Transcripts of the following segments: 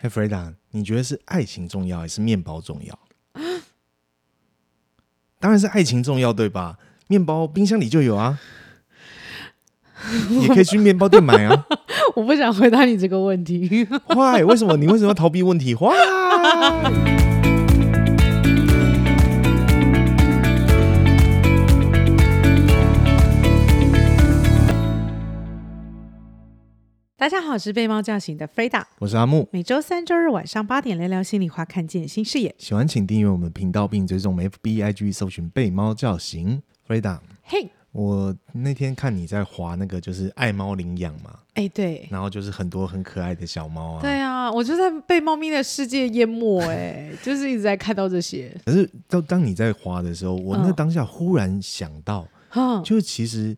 嗨，弗雷達，你覺得是愛情重要還是麵包重要？當然是愛情重要，對吧？麵包冰箱裡就有啊，也可以去麵包店買啊。我，我不想回答你這個問題。Why？為什麼？你為什麼要逃避問題？Why。大家好，我是被貓叫醒的 Freda 我是阿木。每周三、周日晚上八點聊聊心裡話，看見新視野。喜歡請訂閱我們頻道，並追蹤 FB IG，搜尋被貓叫醒 Freda 嘿，Hey! 我那天看你在劃那個，就是愛貓領養嘛。哎、欸，對。然後就是很多很可愛的小貓啊。對啊，我就在被貓咪的世界淹沒哎、欸， 就是一直在看到這些。可是當當你在劃的時候，我那當下忽然想到，嗯、就其實。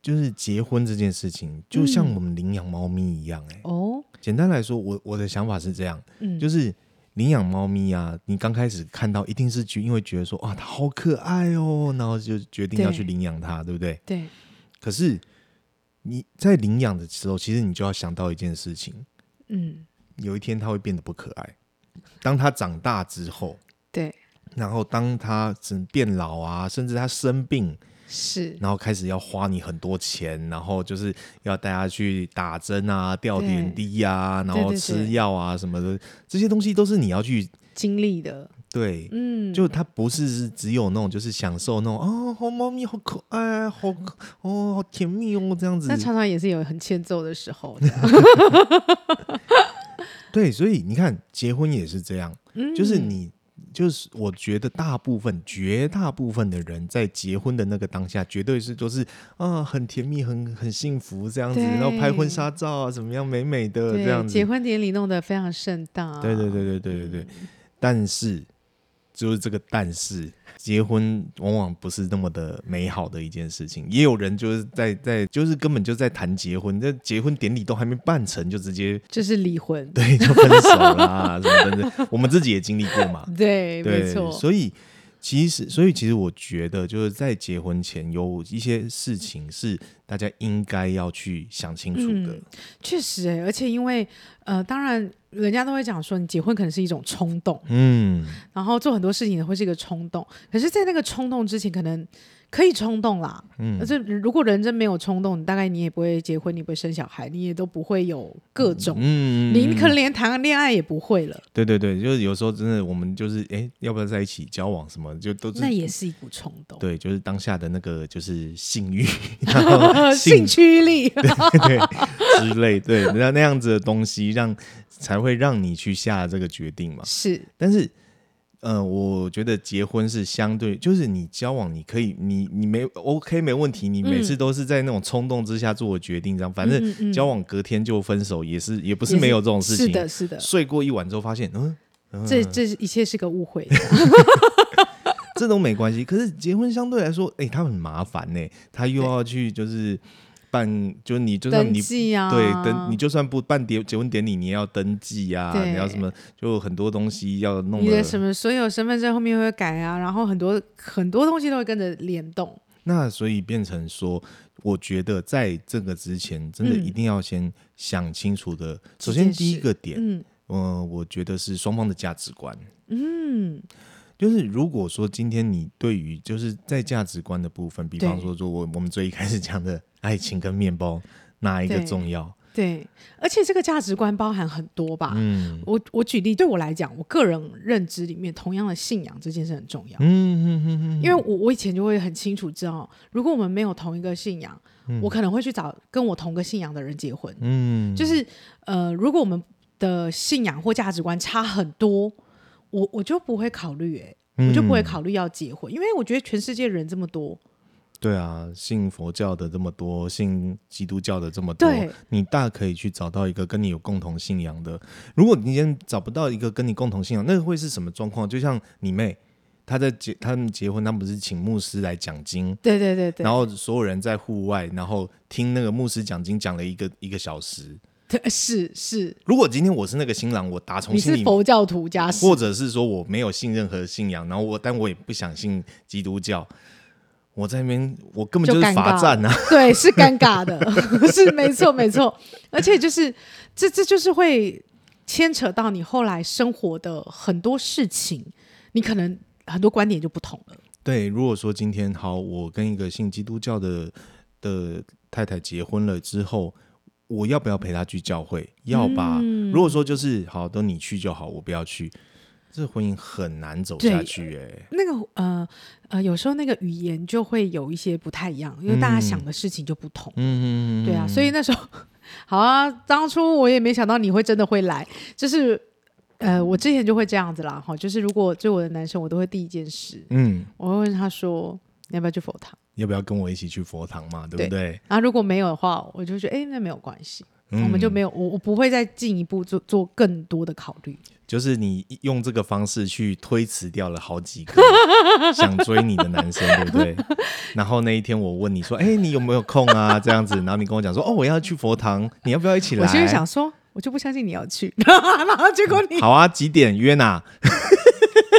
就是結婚這件事情，就像我們領養貓咪一樣、欸，哎，哦，簡單來說，我我的想法是這樣，嗯，就是領養貓咪啊，你剛開始看到一定是覺，因為覺得說，哇，它好可愛哦、喔，然後就決定要去領養它，對，對不對？對。可是你在領養的時候，其實你就要想到一件事情，嗯，有一天它會變得不可愛，當它長大之後，對，然後當它只變老啊，甚至它生病。是，然後開始要花你很多錢，然後就是要帶他去打針啊、吊點滴啊，對然後吃藥啊，對對對什麼的，這些東西都是你要去經歷的。對，嗯，就他不是只有那種，就是享受那種啊、哦，好貓咪好可愛，好哦，好甜蜜哦這樣子。那常常也是有很欠揍的時候。 對，所以你看，結婚也是這樣，嗯、就是你。就是我覺得大部分、絕大部分的人在結婚的那個當下，絕對是就是啊、哦，很甜蜜、很很幸福這樣子，對然後拍婚紗照啊，怎麼樣美美的這樣子，結婚典禮弄得非常盛大。對對對對對對對，嗯、但是。就是這個，但是結婚往往不是那麼的美好的一件事情。也有人就是在在，就是根本就在談結婚，這結婚典禮都還沒辦成就直接就是離婚，對，就分手啦 什麼的。我們自己也經歷過嘛， 對，對，沒錯，所以。其實，所以其實我覺得，就是在結婚前有一些事情是大家應該要去想清楚的。嗯、確實、欸，而且因為，呃，當然，人家都會講說，你結婚可能是一種衝動，嗯，然後做很多事情也會是一個衝動，可是，在那個衝動之前，可能。可以衝動啦，嗯、而是如果人真沒有衝動，大概你也不會結婚，你也不會生小孩，你也都不會有各種，你可能連談個戀愛也不會了。對對對，就是有時候真的，我們就是哎、欸，要不要在一起交往什麼，就都那也是一股衝動。對，就是當下的那個就是性慾，然後性 性驅力對對，對 之類，對那那樣子的東西讓，讓才會讓你去下這個決定嘛。是，但是。嗯、呃，我覺得結婚是相對，就是你交往，你可以，你你沒 OK，沒問題，你每次都是在那種衝動之下做的決定，這樣，嗯、反正交往隔天就分手也是，也是,也不是沒有這種事情。是的,是的，是的，睡過一晚之後發現，嗯，呃、這這一切是個誤會， 這都沒關係。可是結婚相對來說，哎、欸，他很麻煩呢，他又要去就是。辦，就你就算你登、啊、對登，你就算不辦結結婚典禮，你也要登記呀、啊。對你要什麼？就很多東西要弄。你的什麼所有身份證後面會改啊？然後很多很多東西都會跟着聯動。那所以變成說，我覺得在這個之前，真的一定要先想清楚的。嗯、首先第一個點，嗯、呃，我覺得是雙方的價值觀。嗯，就是如果說今天你對於就是在價值觀的部分，比方說，說我我們最一開始講的。愛情跟麵包、嗯、哪一個重要？對、對，而且這個價值觀包含很多吧。嗯、我我舉例，對我來講，我個人認知裡面，同樣的信仰這件事很重要。嗯嗯嗯嗯，因為我我以前就會很清楚知道，如果我們沒有同一個信仰，嗯、我可能會去找跟我同一個信仰的人結婚。嗯，就是呃，如果我們的信仰或價值觀差很多，我我就不會考慮、欸、嗯、我就不會考慮要結婚，因為我覺得全世界人這麼多。對啊，信佛教的這麼多，信基督教的這麼多，對你大可以去找到一個跟你有共同信仰的。如果你今天找不到一個跟你共同信仰，那會是什麼狀況？就像你妹，她在結，他們結婚，他們不是請牧師來講經？對對對對。然後所有人在戶外，然後聽那個牧師講經，講了一個一個小時。是是。是如果今天我是那個新郎，我打從心裡，你是佛教徒加，或者是說我沒有信任何信仰，然後我但我也不想信基督教。我在那邊，我根本就是罰站啊！對，是尷尬的， 是沒錯沒錯，而且就是這這就是會牽扯到你後來生活的很多事情，你可能很多觀點就不同了。對，如果說今天好，我跟一個信基督教的的太太結婚了之後，我要不要陪她去教會？要吧？嗯、如果說就是好，都你去就好，我不要去。這婚姻很難走下去哎、欸呃，那個呃呃，有時候那個語言就會有一些不太一樣，因為大家想的事情就不同。嗯嗯對啊，所以那時候，好啊，當初我也沒想到你會真的會來，就是呃，我之前就會這樣子啦，哈，就是如果追我的男生，我都會第一件事，嗯，我會問他說，你要不要去佛堂？要不要跟我一起去佛堂嘛？對不對？然後、啊、如果沒有的話，我就覺得，哎，那沒有關係。嗯、我們就沒有我，我不會再進一步做做更多的考慮。就是你用這個方式去推辭掉了好幾個想追你的男生， 對不對？然後那一天我問你說：“哎、欸，你有沒有空啊？”這樣子，然後你跟我講說：“哦，我要去佛堂，你要不要一起來？”我就是想說，我就不相信你要去， 然後結果你、嗯、好啊，幾點約哪？ 對對，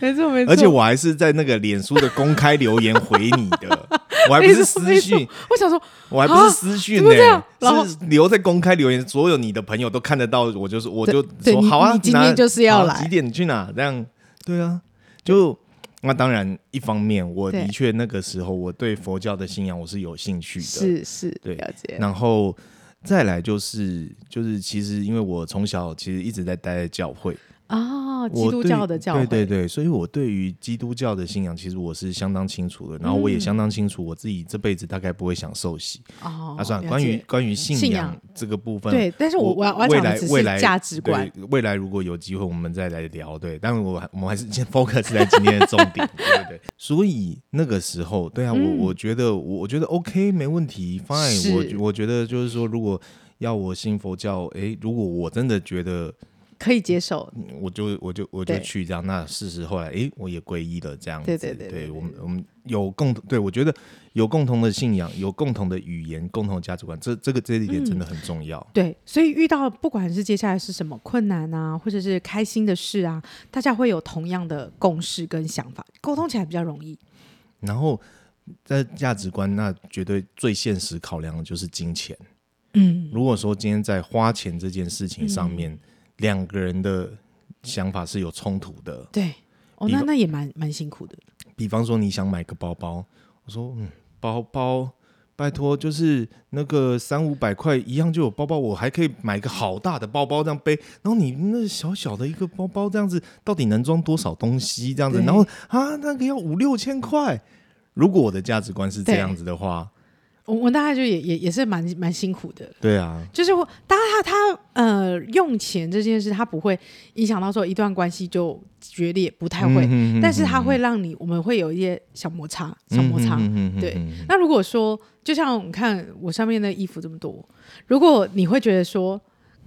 沒錯沒錯，而且我還是在那個臉書的公開留言回你的，我還不是私訊。我想說，我還不是私訊呢，是留在公開留言，所有你的朋友都看得到。我就是，我就說好啊，今天就是要來，幾點去哪？這樣對啊，就那當然，一方面我的確那個時候我對佛教的信仰我是有興趣的，是是，對。然後。再來就是，就是其實因為我從小其實一直在待在教會。啊，基督教的教對對對，所以，我對於基督教的信仰，其實我是相當清楚的，然後我也相當清楚我自己這輩子大概不會想受洗。哦，啊算了，關於關於信仰這個部分，對，但是我我未來未來價值觀，未來如果有機會，我們再來聊。對，但我我們還是先 focus 在今天的重點，對不對？所以那個時候，對啊，我我覺得我我覺得 OK，沒問題，fine。我我覺得就是說，如果要我信佛教，哎，如果我真的覺得。可以接受，我就我就我就去這樣。對。那事實後來，哎、欸，我也皈依了這樣子。對對對對，對我們我們有共同，對我覺得有共同的信仰，有共同的語言，共同價值觀，這這個這一點真的很重要。嗯。對，所以遇到不管是接下來是什麼困難啊，或者是開心的事啊，大家會有同樣的共識跟想法，溝通起來比較容易。然後在價值觀，那絕對最現實考量的就是金錢。嗯，如果說今天在花錢這件事情上面。嗯兩個人的想法是有衝突的，對，哦，那方那也蠻蠻辛苦的。比方說，你想買個包包，我說，嗯，包包，拜託，就是那個三五百塊一樣就有包包，我還可以買一個好大的包包這樣背。然後你那小小的一個包包這樣子，到底能裝多少東西？這樣子，對然後啊，那個要五六千塊，如果我的價值觀是這樣子的話。我我大概就也也也是蠻蠻辛苦的，對啊，就是我，但是他他呃用錢這件事，他不會影響到說一段關係就決裂，不太會，嗯、哼哼哼哼，但是他會讓你，我們會有一些小摩擦，小摩擦，對。那如果說，就像我看我上面的衣服這麼多，如果你會覺得說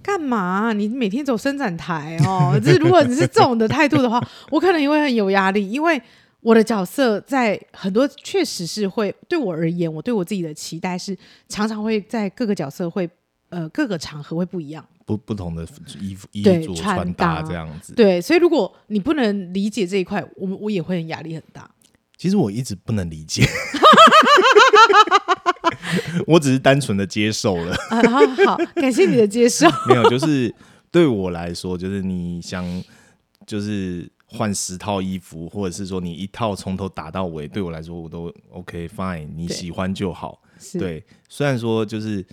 幹嘛、啊，你每天走伸展台哦， 這是如果你是這種的態度的話，我可能也會很有壓力，因為。我的角色在很多確實是會對我而言，我對我自己的期待是常常會在各個角色會呃各個場合會不一樣，不不同的衣服，嗯、衣着穿搭，穿搭這樣子。對，所以如果你不能理解這一塊，我我也會很壓力很大。其實我一直不能理解， 我只是單純的接受了。啊， 呃，好好，感謝你的接受。 沒有，就是對我來說，就是你想就是。換十套衣服，或者是說你一套從頭打到尾，對我來說我都 OK fine，你喜歡就好。對，對是雖然說就是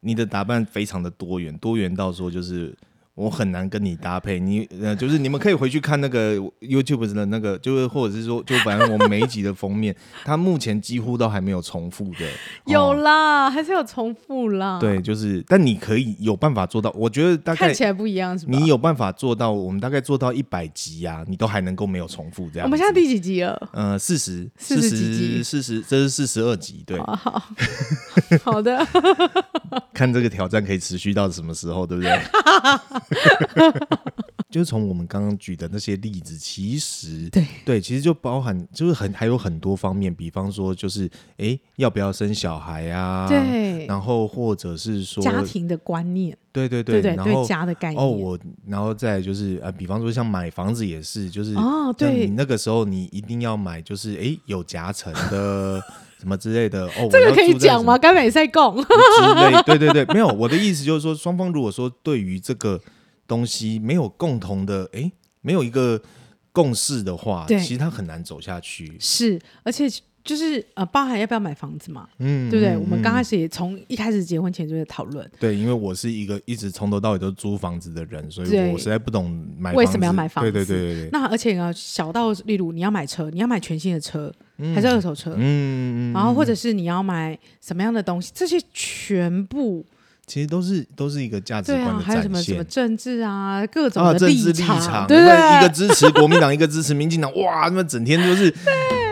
你的打扮非常的多元，多元到說就是。我很難跟你搭配，你呃，就是你們可以回去看那個 YouTube 的那個，就是或者是說，就反正我每一集的封面， 它目前幾乎都還沒有重複的。嗯、有啦，還是有重複啦。對，就是，但你可以有辦法做到，我覺得大概看起來不一樣是吧？你有辦法做到，我們大概做到一百集呀、啊，你都還能夠沒有重複這樣。我們現在第幾集了？呃，四十，四十，四十，這是四十二集，對。好，啊、好，好的， 看這個挑戰可以持續到什麼時候，對不對？ 就是從我們剛剛舉的那些例子，其實對對，其實就包含就是很還有很多方面，比方說就是哎，要不要生小孩啊？對，然後或者是說家庭的觀念，對對對對對，家的概念。哦，我然後再就是啊，比方說像買房子也是，就是哦，對，那個時候你一定要買就是哎，有夾層的什麼之類的哦，這個可以講嗎？剛才也在講，對對對，沒有，我的意思就是說雙方如果說對於這個。東西沒有共同的，哎、欸，沒有一個共識的話，對其實他很難走下去。是，而且就是呃，包含要不要買房子嘛，嗯，對不對？嗯、我們剛開始也從一開始結婚前就在討論。對，因為我是一個一直從頭到尾都租房子的人，所以我實在不懂買房子為什麼要買房子。對對對對。那而且呢，小到例如你要買車，你要買全新的車、嗯、還是二手車？嗯嗯。嗯然後或者是你要買什麼樣的東西？嗯、這些全部。其實都是都是一個價值觀的展現，還有什麼什麼政治啊，各種的政治立場，對不對？一個支持國民黨，一個支持民進黨，哇，那麼整天就是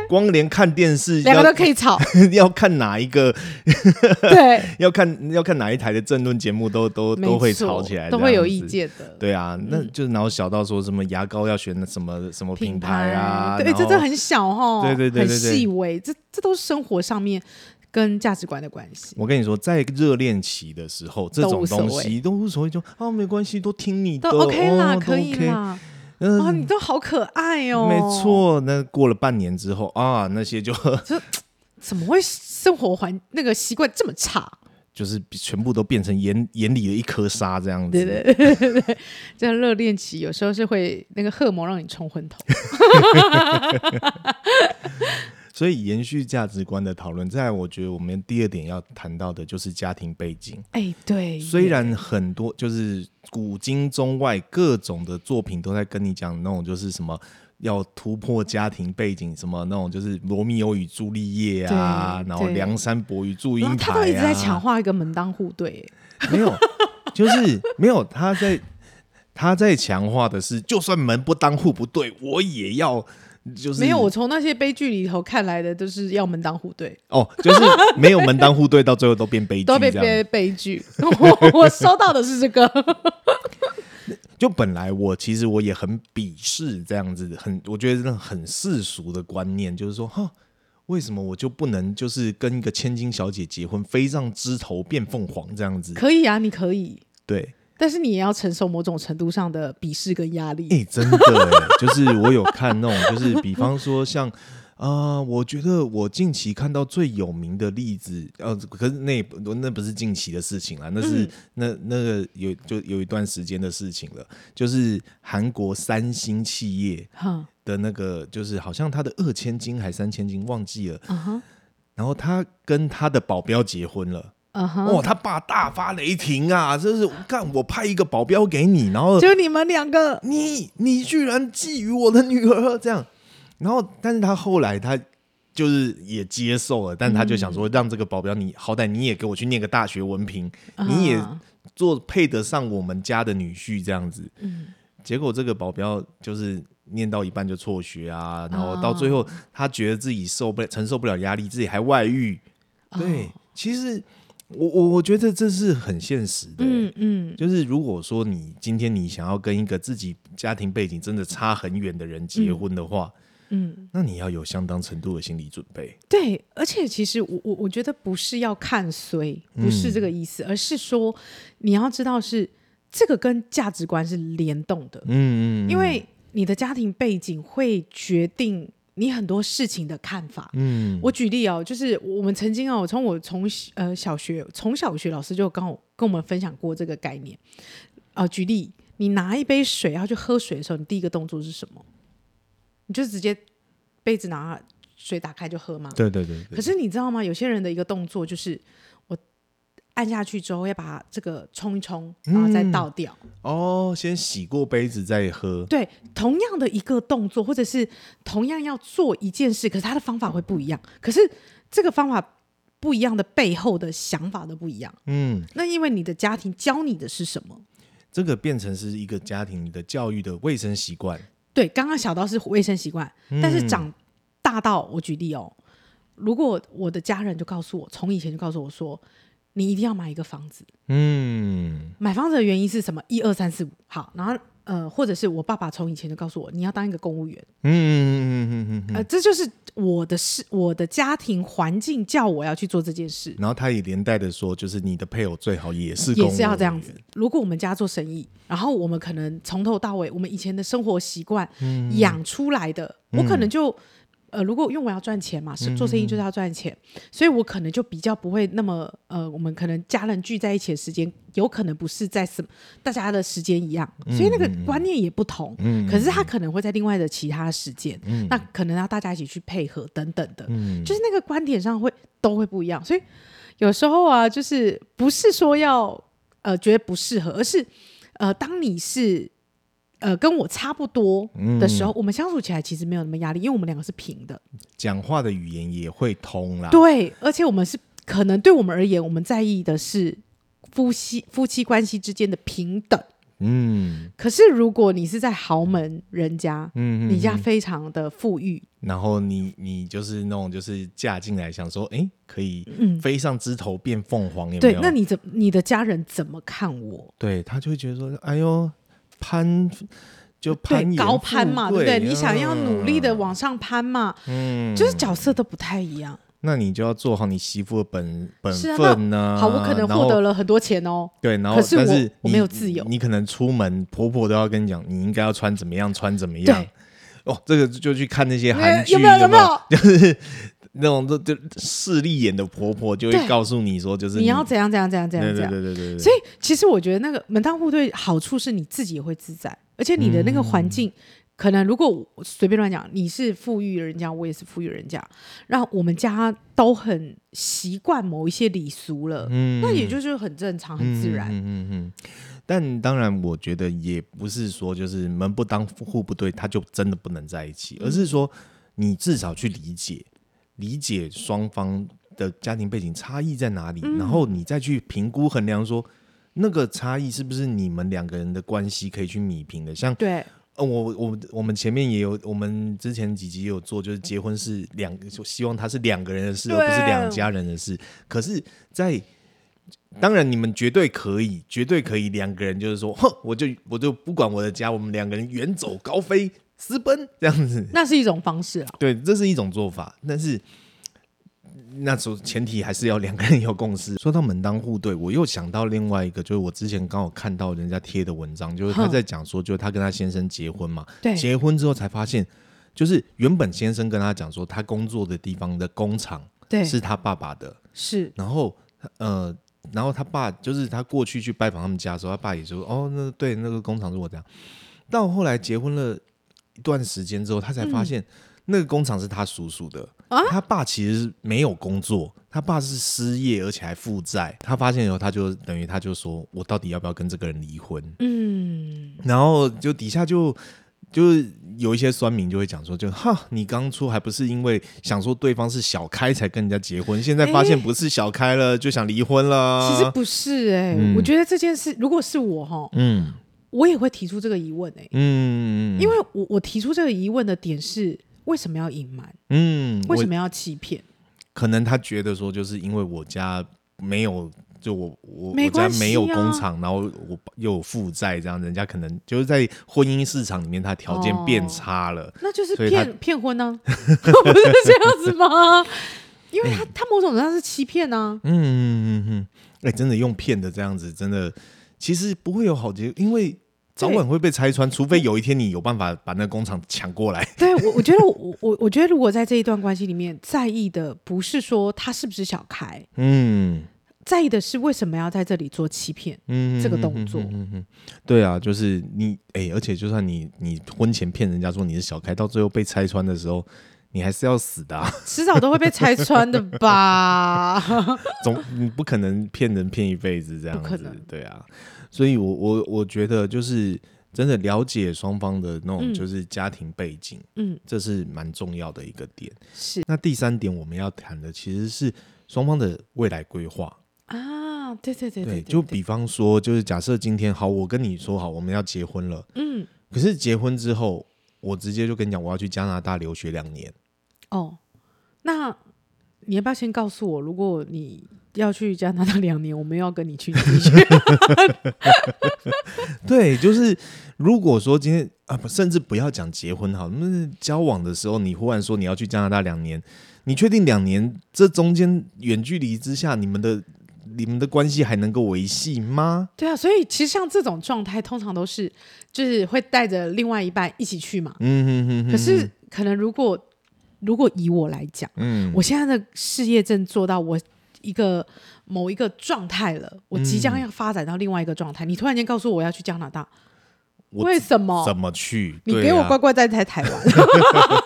光連看電視兩個都可以吵，要看哪一個？對，要看要看哪一台的政論節目都都都會吵起來，都會有意見的。對啊，那就然後小到說什麼牙膏要選什麼什麼品牌啊，對，這這很小哦。對對對，很細微，這這都是生活上面。跟價值觀的關係，我跟你說，在熱戀期的時候，這種東西都無所謂，所謂就啊，沒關係，都聽你的都 OK 啦，哦、okay, 可以啦，嗯、啊，你都好可愛哦。沒錯，那過了半年之後啊，那些就，就怎麼會生活環那個習慣這麼差，就是全部都變成眼眼裡的一顆沙這樣子。對對，對，對 這樣熱戀期有時候是會那個荷爾蒙讓你沖昏頭。 所以延續價值觀的討論，再來我覺得我們第二點要談到的，就是家庭背景。哎、欸，對。雖然很多就是古今中外各種的作品都在跟你講那種，就是什麼要突破家庭背景，什麼那種就是羅密歐與朱麗葉啊，然後梁山伯與祝英台、啊、他都一直在強化一個門當戶對。 沒有，就是沒有，他在他在強化的是，就算門不當戶不對，我也要。就是、沒有，我從那些悲劇裡頭看來的都是要門當戶對哦，就是沒有門當戶對， 到最後都變悲劇，都變悲劇。我，我收到的是這個， 就本來我其實我也很鄙視這樣子，很我覺得很世俗的觀念，就是說哈，為什麼我就不能就是跟一個千金小姐結婚，飛上枝頭變鳳凰這樣子？可以啊，你可以。對。但是你也要承受某種程度上的鄙視跟壓力。哎、欸，真的， 就是我有看那種，就是比方說像，啊、呃，我覺得我近期看到最有名的例子，呃，可是那那不是近期的事情啦，那是、嗯、那那個有就有一段時間的事情了，就是韓國三星企業的那個，嗯、就是好像他的二千金還三千金忘記了，嗯、哼然後他跟他的保鏢結婚了。Uh huh. 哦，他爸大發雷霆啊！就是看我派一個保鏢給你，然後就你們兩個，你你居然覬覦我的女兒這樣，然後但是他後來他就是也接受了，但是他就想說、嗯、讓這個保鏢，你好歹你也給我去念個大學文憑，uh huh. 你也做配得上我們家的女婿這樣子。Uh huh. 結果這個保鏢就是念到一半就輟學啊，然後到最後、uh huh. 他覺得自己受不了，承受不了壓力，自己還外遇。對，uh huh. 其實。我我我覺得這是很現實的，欸嗯，嗯嗯，就是如果說你今天你想要跟一個自己家庭背景真的差很遠的人結婚的話，嗯，嗯那你要有相當程度的心理準備。對，而且其實我我我覺得不是要看誰，不是這個意思，嗯，而是說你要知道是這個跟價值觀是連動的，嗯嗯，嗯嗯因為你的家庭背景會決定。你很多事情的看法，嗯，我舉例哦，就是我們曾經哦，從我從呃小學從小學老師就跟我跟我們分享過這個概念，啊、呃，舉例，你拿一杯水要去喝水的時候，你第一個動作是什麼？你就直接杯子拿水打開就喝嗎？對對，對對對。可是你知道嗎？有些人的一個動作就是。按下去之後，要把這個沖一沖，然後再倒掉、嗯。哦，先洗過杯子再喝。對，同樣的一個動作，或者是同樣要做一件事，可是他的方法會不一樣。可是這個方法不一樣的背後的想法都不一樣。嗯，那因為你的家庭教你的是什麼？這個變成是一個家庭的教育的衛生習慣。對，剛剛小到是衛生習慣，但是長大到我舉例哦，嗯、如果我的家人就告訴我，從以前就告訴我說。你一定要買一個房子，嗯，買房子的原因是什麼？一二三四五，好，然後呃，或者是我爸爸從以前就告訴我，你要當一個公務員，嗯嗯嗯嗯嗯，嗯，嗯，嗯，嗯、呃。這就是我的事，我的家庭環境叫我要去做這件事。然後他也連帶的說，就是你的配偶最好也是、嗯，也是要這樣子。如果我們家做生意，然後我們可能從頭到尾，我們以前的生活習慣養出來的，嗯嗯、我可能就。呃，如果因為我要賺錢嘛，是做生意就是要賺錢，嗯哼，所以我可能就比較不會那麼呃，我們可能家人聚在一起的時間，有可能不是在什麼大家的時間一樣，所以那個觀念也不同。嗯哼，可是他可能會在另外的其他的時間，嗯哼，那可能要大家一起去配合等等的，嗯哼，就是那個觀點上會都會不一樣，所以有時候啊，就是不是說要呃覺得不適合，而是呃當你是。呃，跟我差不多的時候，嗯、我們相處起來其實沒有那麼壓力，因為我們兩個是平的，講話的語言也會通啦。對，而且我們是可能對我們而言，我們在意的是夫妻夫妻關係之間的平等。嗯，可是如果你是在豪門人家，嗯，你家非常的富裕，然後你你就是那種就是嫁進來想說，哎、欸，可以飛上枝頭變鳳凰有沒有、嗯，對，那你怎你的家人怎麼看我？對他就會覺得說，哎呦。攀就攀，啊、高攀嘛，對，對不對？你想要努力的往上攀嘛，嗯，就是角色都不太一樣。那你就要做好你媳婦的本本分呢、啊。啊、好，我可能獲得了很多錢哦。對，然後，可是但是我沒有自由。你可能出門，婆婆都要跟你講，你應該要穿怎麼樣，穿怎麼樣。對哦，這個就去看那些韓劇，有沒有？就是。那種就勢利眼的婆婆就會告訴你說，就是你，你要怎樣怎樣怎樣怎樣。對對對對對、對。所以其實我覺得那個門當戶對好處是你自己也會自在，而且你的那個環境，嗯、可能如果我隨便亂講，你是富裕人家，我也是富裕人家，那我們家都很習慣某一些禮俗了，嗯，那也就是很正常很自然。嗯嗯、嗯、嗯、嗯。但當然，我覺得也不是說就是門不當戶不對，他就真的不能在一起，而是說你至少去理解。理解雙方的家庭背景差異在哪裡，嗯、然後你再去評估衡量說，說那個差異是不是你們兩個人的關係可以去彌平的。像對，嗯、呃，我我我們前面也有，我們之前幾集也有做，就是結婚是兩，就希望他是兩個人的事，對而不是兩家人的事。可是在，在當然你們絕對可以，絕對可以兩個人，就是說，哼，我就我就不管我的家，我們兩個人遠走高飛。私奔這樣子，那是一種方式啊。對，這是一種做法，但是那時候前提還是要兩個人有共識。說到門當戶對，我又想到另外一個，就是我之前剛好看到人家貼的文章，就是他在講說，就是他跟他先生結婚嘛，對，結婚之後才發現，就是原本先生跟他講說，他工作的地方的工廠對，是他爸爸的是，然後呃，然後他爸就是他過去去拜訪他們家的時候，他爸也說，哦，那對，那個工廠如果這樣，到後來結婚了。一段時間之後，他才發現、嗯、那個工廠是他叔叔的。啊、他爸其實沒有工作，他爸是失業，而且還負債。他發現以後，他就等於他就說：“我到底要不要跟這個人離婚？”嗯，然後就底下就就有一些酸民就會講說：“就哈，你當初還不是因為想說對方是小開才跟人家結婚，現在發現不是小開了，欸、就想離婚了。”其實不是哎、欸，嗯、我覺得這件事如果是我哈，嗯。我也會提出這個疑問呢、欸。嗯，因為我我提出這個疑問的點是為什麼要隱瞞？嗯，為什麼要、嗯、為什麼要欺騙？可能他覺得說，就是因為我家沒有，就我我、啊、我家沒有工廠，然後我又有負債，這樣人家可能就是在婚姻市場裡面，他條件變差了，哦、那就是騙騙婚呢、啊？ 不是這樣子嗎？因為他、欸、他某種程度上是欺騙呢、啊嗯。嗯嗯嗯嗯，哎、嗯欸，真的用騙的這樣子，真的其實不會有好結，因為。對，早晚會被拆穿，除非有一天你有辦法把那個工廠搶過來。對我，我，我覺得我我我覺得，如果在這一段關係裡面，在意的不是說他是不是小開，嗯，在意的是為什麼要在這裡做欺騙，嗯，這個動作，嗯嗯，嗯，嗯嗯，對啊，就是你，哎、欸，而且就算你你婚前騙人家說你是小開，到最後被拆穿的時候。你還是要死的，遲早都會被拆穿的吧？ 總你不可能騙人騙一輩子這樣子，對啊。所以我我我覺得就是真的了解雙方的那種就是家庭背景，嗯，這是蠻重要的一個點。是那第三點我們要談的其實是雙方的未來規劃啊，對對對對，就比方說就是假設今天好，我跟你說好，我們要結婚了，嗯，可是結婚之後我直接就跟你講我要去加拿大留學兩年。哦，那你要不要先告訴我，如果你要去加拿大兩年，我們要跟你去？對，就是如果說今天啊，不，甚至不要講結婚好，那麼交往的時候，你忽然說你要去加拿大兩年，你確定兩年這中間遠距離之下，你們的你們的關係還能夠維繫嗎？對啊，所以其實像這種狀態，通常都是就是會帶着另外一半一起去嘛。嗯嗯嗯。可是可能如果。如果以我來講，嗯，我現在的事業正做到我一個某一個狀態了，我即將要發展到另外一個狀態。嗯，你突然間告訴我要去加拿大，我為什麼？怎麼去？你給我乖乖待在台，台灣。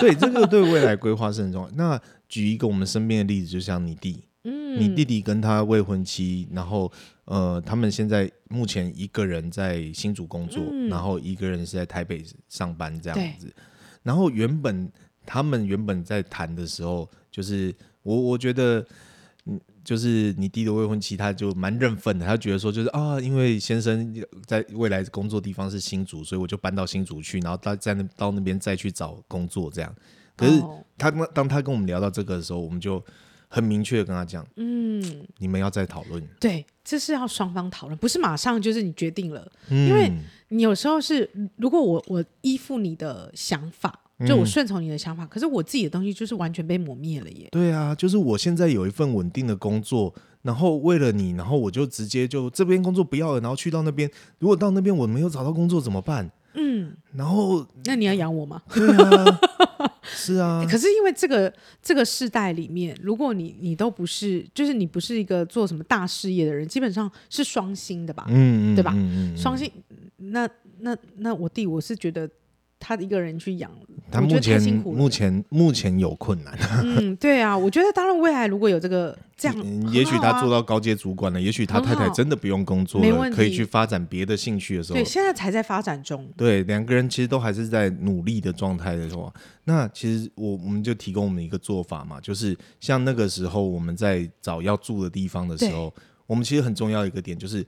對，這個對未來規劃是很重要。那舉一個我們身邊的例子，就像你弟，嗯，你弟弟跟他未婚妻，然後呃，他們現在目前一個人在新竹工作，嗯，然後一個人是在台北上班，這樣子。然後原本他們原本在談的時候，就是我我覺得，嗯，就是你弟的未婚妻，他就蠻認分的，他覺得說就是啊，因為先生在未來工作地方是新竹，所以我就搬到新竹去，然後他在那到那邊再去找工作這樣。可是他、oh. 當他跟我們聊到這個的時候，我們就。很明確的跟他講，嗯，你們要再討論，對，這是要雙方討論，不是馬上就是你決定了，嗯，因為你有時候是，如果我我依附你的想法，就我順從你的想法，嗯，可是我自己的東西就是完全被磨滅了耶。對啊，就是我現在有一份穩定的工作，然後為了你，然後我就直接就這邊工作不要了，然後去到那邊，如果到那邊我沒有找到工作怎麼辦？嗯，然後那你要養我嗎？對啊， 是啊、欸。可是因為這個這個世代裡面，如果你你都不是，就是你不是一個做什麼大事業的人，基本上是雙薪的吧？嗯嗯，對吧？雙薪、嗯嗯嗯嗯，那那那我弟，我是覺得。他一個人去養，他目前目前目前有困難。 嗯，對啊，我覺得當然未來如果有這個這樣，也許他做到高階主管了，啊、也許他太太真的不用工作了，可以去發展別的興趣的時候。對，現在才在發展中。對，兩個人其實都還是在努力的狀態的時候。那其實我我們就提供我們一個做法嘛，就是像那個時候我們在找要住的地方的時候，對我們其實很重要一個點就是，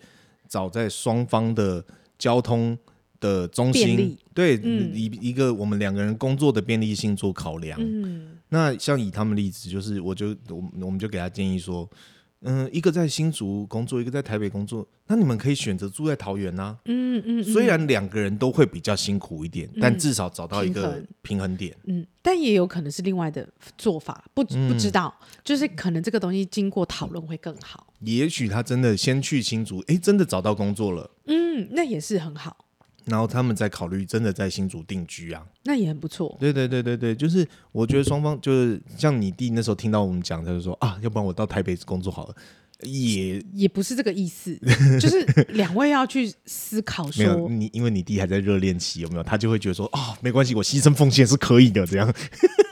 找在雙方的交通。的中心便利對一、嗯、一個我們兩個人工作的便利性做考量。嗯，那像以他們例子，就是我就我就我們就給他建議說，嗯、呃，一個在新竹工作，一個在台北工作，那你們可以選擇住在桃園啊。嗯嗯，嗯雖然兩個人都會比較辛苦一點，嗯、但至少找到一個平衡點平衡。嗯，但也有可能是另外的做法，不、嗯、不知道，就是可能這個東西經過討論會更好。嗯、也許他真的先去新竹，哎，真的找到工作了。嗯，那也是很好。然後他們在考慮真的在新竹定居啊，那也很不錯。對對對對對，就是我覺得雙方，就是像你弟那時候聽到我們講，他就說啊，要不然我到台北工作好了，也也不是這個意思， 就是兩位要去思考說，沒有你因為你弟還在熱戀期有沒有，他就會覺得說啊、哦，沒關係，我犧牲奉獻是可以的這樣。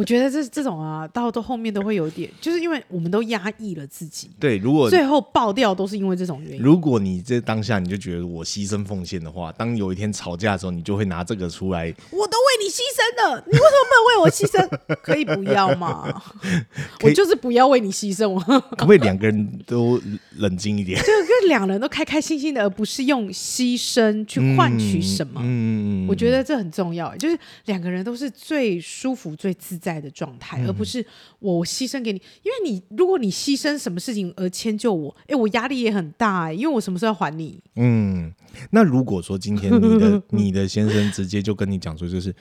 我覺得這是這種啊，到到後面都會有點，就是因為我們都壓抑了自己。對，如果最後爆掉都是因為這種原因。如果你在當下你就覺得我犧牲奉獻的話，當有一天吵架的時候，你就會拿這個出來。我都為你犧牲了，你為什麼不能為我犧牲？ 可以不要嗎？可以，我就是不要為你犧牲。可不可以兩 個人都冷靜一點？就兩 人都開開心心的，而不是用犧牲去換取什麼。嗯，嗯，我覺得這很重要。就是兩個人都是最舒服、最自在的。的狀態，而不是我犧牲給你，因為你如果你犧牲什麼事情而遷就我，哎、欸，我壓力也很大、欸，因為我什麼時候要還你？嗯，那如果說今天你的 你的先生直接就跟你講說，就是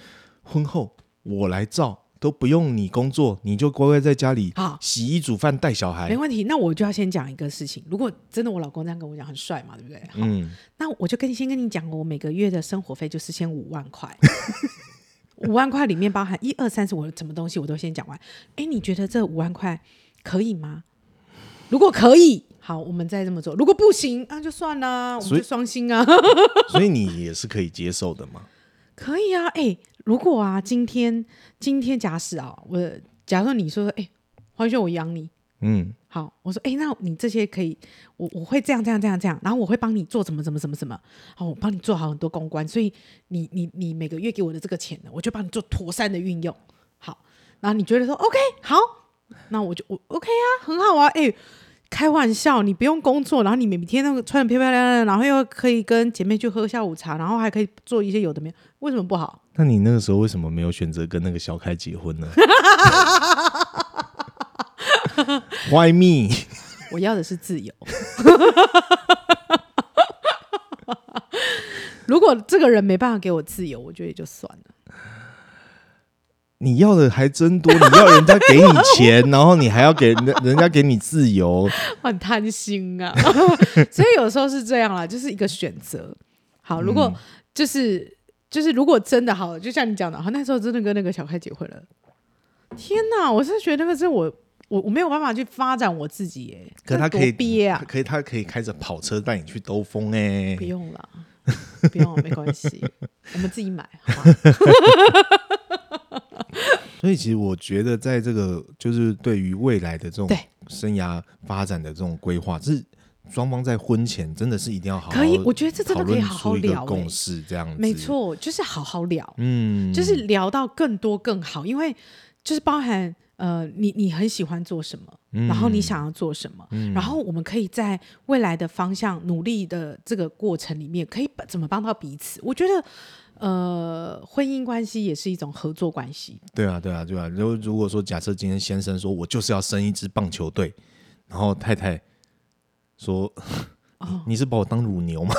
婚後我來照，都不用你工作，你就乖乖在家裡洗衣煮飯帶小孩、啊，沒問題。那我就要先講一個事情，如果真的我老公這樣跟我講，很帥嘛，對不對？好嗯，那我就跟先跟你講，我每個月的生活費就四千五萬塊。 五萬塊裡面包含一二三四五什麼東西我都先講完。哎、欸，你覺得這五萬塊可以嗎？如果可以，好，我們再這麼做；如果不行，那、啊、就算了，我們就雙薪啊。所以你也是可以接受的嗎？可以啊，哎、欸，如果啊，今天今天假使啊，我假如說，你說，哎、欸，黃軒我養你，嗯。好，我說哎、欸，那你這些可以，我我會這樣這樣這樣這樣，然後我會幫你做什麼什麼什麼什麼，好，我幫你做好很多公關，所以你你你每個月給我的這個錢呢，我就幫你做妥善的運用，好，然後你覺得說 OK 好，那我就我 OK 啊，很好啊，哎、欸，開玩笑，你不用工作，然後你每天那個穿的漂漂亮亮，然後又可以跟姐妹去喝下午茶，然後還可以做一些有的沒有，為什麼不好？那你那個時候為什麼沒有選擇跟那個小開結婚呢？ Why me？ 我要的是自由。 如果這個人沒辦法給我自由，我覺得也就算了。你要的還真多，你要人家給你錢， 哦、然後你還要給人家給你自由，我很貪心啊。 所以有時候是這樣啊，就是一個選擇。好，如果就是、嗯、就是如果真的好，就像你講的，好那時候真的跟那個小開結婚了。天哪，我是覺得那個是我。我我沒有辦法去發展我自己誒、欸，可他可以憋啊，可以他可以開着跑車帶你去兜風誒、欸，不用了，不用了沒關係， 我們自己買。好嗎？ 所以其實我覺得，在這個就是對於未來的這種生涯發展的這種規劃，對是雙方在婚前真的是一定要好好，可以我覺得這真的可以好好聊共識這樣，沒錯，就是好好聊，嗯，就是聊到更多更好，因為就是包含。呃，你你很喜歡做什麼？嗯、然後你想要做什麼？嗯、然後我們可以在未來的方向努力的這個過程裡面，可以怎麼幫到彼此？我覺得，呃，婚姻關係也是一種合作關係。對啊，對啊，對啊。如如果說假設今天先生說，我就是要生一支棒球隊，然後太太說，你、哦、你是把我當乳牛嗎？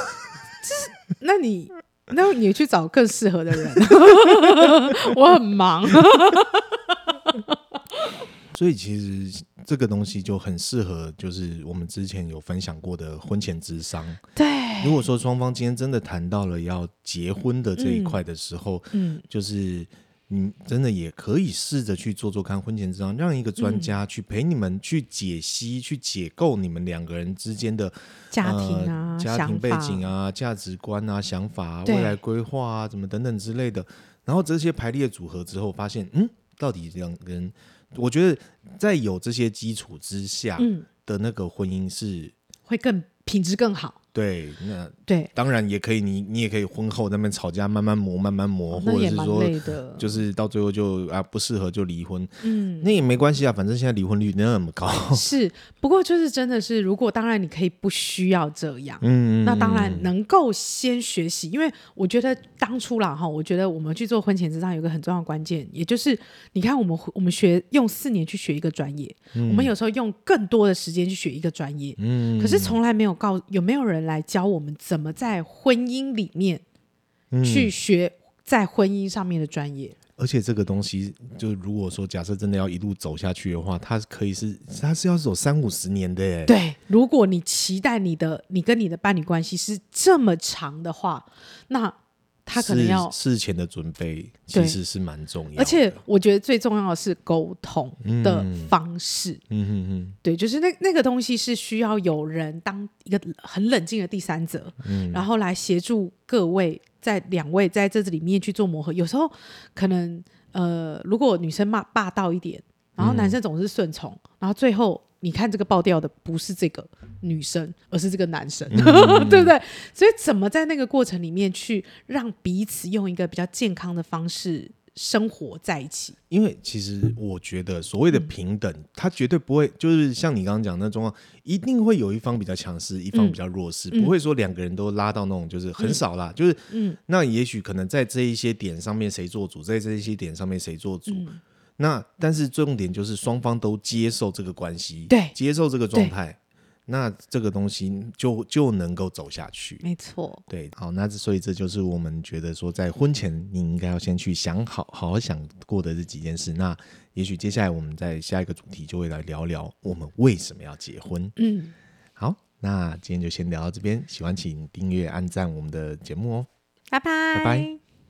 是那你，你那，你去找更適合的人。 我很忙。 所以其實這個東西就很適合，就是我們之前有分享過的婚前諮商。對，如果說雙方今天真的談到了要結婚的這一塊的時候，嗯，嗯，就是你真的也可以試着去做做看婚前諮商，讓一個專家去陪你們去解析、嗯、去，解析去解構你們兩個人之間的家庭啊、呃、家庭背景啊、法價值觀啊、想法、啊、對未來規劃啊，什麼等等之類的。然後這些排列組合之後，發現嗯，到底兩個人。我覺得，在有這些基礎之下的那個婚姻是、嗯、會更品質更好。對，那對，當然也可以，你你也可以婚後在那邊吵架，慢慢磨，慢慢磨，或者是說，就是到最後就啊不適合就離婚，嗯，那也沒關係啊，反正現在離婚率有那麼高，是，不過就是真的是，如果當然你可以不需要這樣，嗯，那當然能夠先學習，因為我覺得當初啦哈，我覺得我們去做婚前諮商有個很重要的關鍵，也就是你看我們我們學用四年去學一個專業，嗯，我們有時候用更多的時間去學一個專業，嗯，可是從來沒有告有沒有人。來教我們怎麼在婚姻裡面去學在婚姻上面的專業。嗯，而且這個東西，就如果說假設真的要一路走下去的話，它可以是它是要走三五十年的。對，如果你期待你的你跟你的伴侶關係是這麼長的話，那。他可能要事前的準備其實是蠻重要的，而且我覺得最重要的是溝通的方式。嗯嗯嗯，對，就是那那個東西是需要有人當一個很冷靜的第三者，嗯、然後來協助各位在兩位在這裡面去做磨合。有時候可能呃，如果女生罵霸道一點，然後男生總是順從，嗯、然後最後。你看這個爆掉的不是這個女生，而是這個男生，嗯嗯嗯 對不對？所以怎麼在那個過程裡面去讓彼此用一個比較健康的方式生活在一起？因為其實我覺得所謂的平等，嗯嗯它絕對不會就是像你剛剛講的那種狀況，一定會有一方比較強勢，一方比較弱勢，嗯嗯不會說兩個人都拉到那種就是很少啦，嗯嗯就是嗯，那也許可能在這一些點上面誰做主，在這一些點上面誰做主？嗯嗯那但是重點就是雙方都接受這個關係，對，接受這個狀態，對那這個東西就就能夠走下去，沒錯，對，好，那之所以這就是我們覺得說在婚前你應該要先去想好，好好想過的這幾件事。那也許接下來我們在下一個主題就會來聊聊我們為什麼要結婚。嗯，好，那今天就先聊到這邊，喜歡請訂閱、按讚我們的節目哦，拜拜，拜拜。